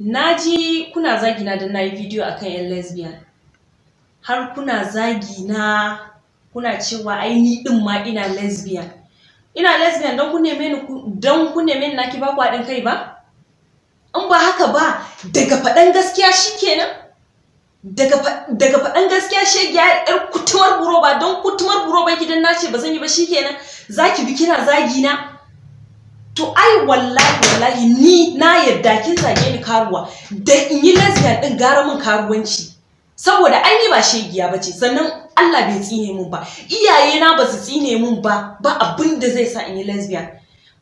Na ji kuna zagi na don na yi bidiyo a kan 'yan lesbian. Har kuna zagi na kuna cewa ai ni ɗin ma ina lesbian. Ina lesbian don ku neme ni don ku neme ni ki ba haɗin kai ba? In ba haka ba daga faɗan gaskiya shikenan. Daga daga faɗan gaskiya shi ya yar kutumar buro don kutumar buroba ba ki ce nace ba zan yi ba shikenan. ki bi kina zagi na. to ai wallahi wallahi ni na yadda kin zage ni karuwa da in yi lesbian din gara min karuwanci saboda ai ni ba shegiya bace sannan Allah bai tsine mun ba iyaye na ba su tsine mun ba ba abin zai sa in yi lesbian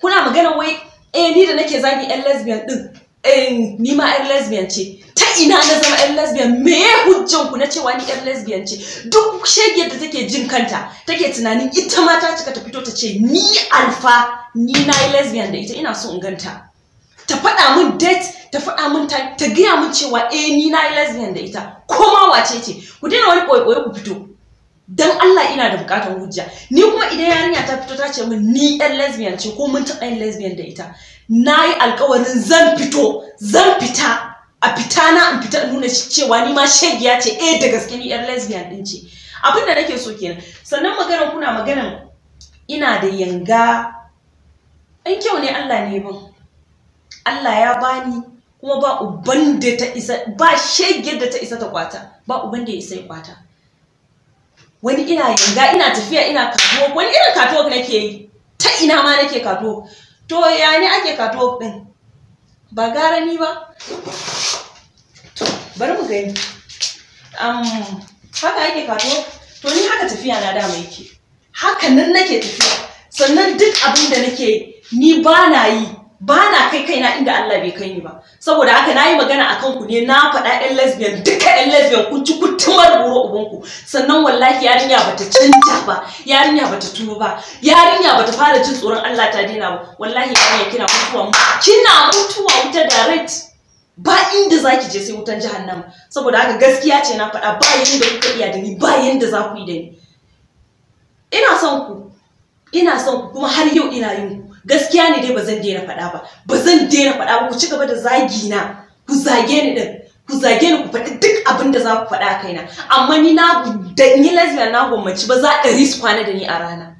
kuna magana wai eh ni da nake zagi yan lesbian din Eh, ni ma yar lesbian ce ta ina na zama yar lesbian me hujjan ku na cewa ni yar lesbian ce duk shegiyar da take jin kanta take tunanin ita ma ta cika ta fito ta ce ni alfa ni na yi lesbian da ita ina so in ganta ta faɗa min date ta faɗa min ta gaya min cewa eh ni na yi lesbian da ita ko ma wace ce ku daina wani ɓoye ku fito dan Allah ina da bukatar hujja ni kuma idan yarinya ta fito ta ce min ni yan lesbian ce ko mun taɓa yan lesbian da ita na yi alkawarin zan fito zan fita a fita na in fita in nuna cewa ni ma shagiya ce eh da gaske ni yan lesbian din ce Abinda da nake so kenan sannan maganar kuna maganar ina da yanga in kyau ne Allah ne min Allah ya bani kuma ba uban da ta isa ba shegiyar da ta isa ta kwata ba uban da ya isa ya kwata wani ina yanga ina tafiya ina kato wani irin katuwa nake yi ta ina ma nake kato. to ya ne ake kato din ba gara ni ba to bari mu gani um, haka ake kato? to ni haka tafiya na dama yake haka nan nake tafiya sannan duk abin da nake yi ni ba na yi ba na kai kaina inda Allah bai kai ni ba saboda haka na yi magana akan ku ne na faɗa ɗan lesbian duka 'yan lesbian kun ci ku buru ubanku sannan wallahi yarinya bata canja ba yarinya bata tuno ba yarinya bata fara jin tsoron Allah ta dina ba wallahi yarinya kina mutuwa kina mutuwa wuta direct ba inda zaki je sai wutan jahannama saboda haka gaskiya ce na faɗa ba yanda kuka iya da ni ba yanda za ku yi da ni ina son ku ina son ku kuma har yau ina yin ku gaskiya ne dai ba zan daina faɗa ba ba zan daina faɗa ba ku ci gaba da zagi na ku zage ni din ku zage ni ku faɗi duk abin da za ku faɗa kaina amma ni na da ni lazima na gwammaci ba za a ɗari su kwana da ni a rana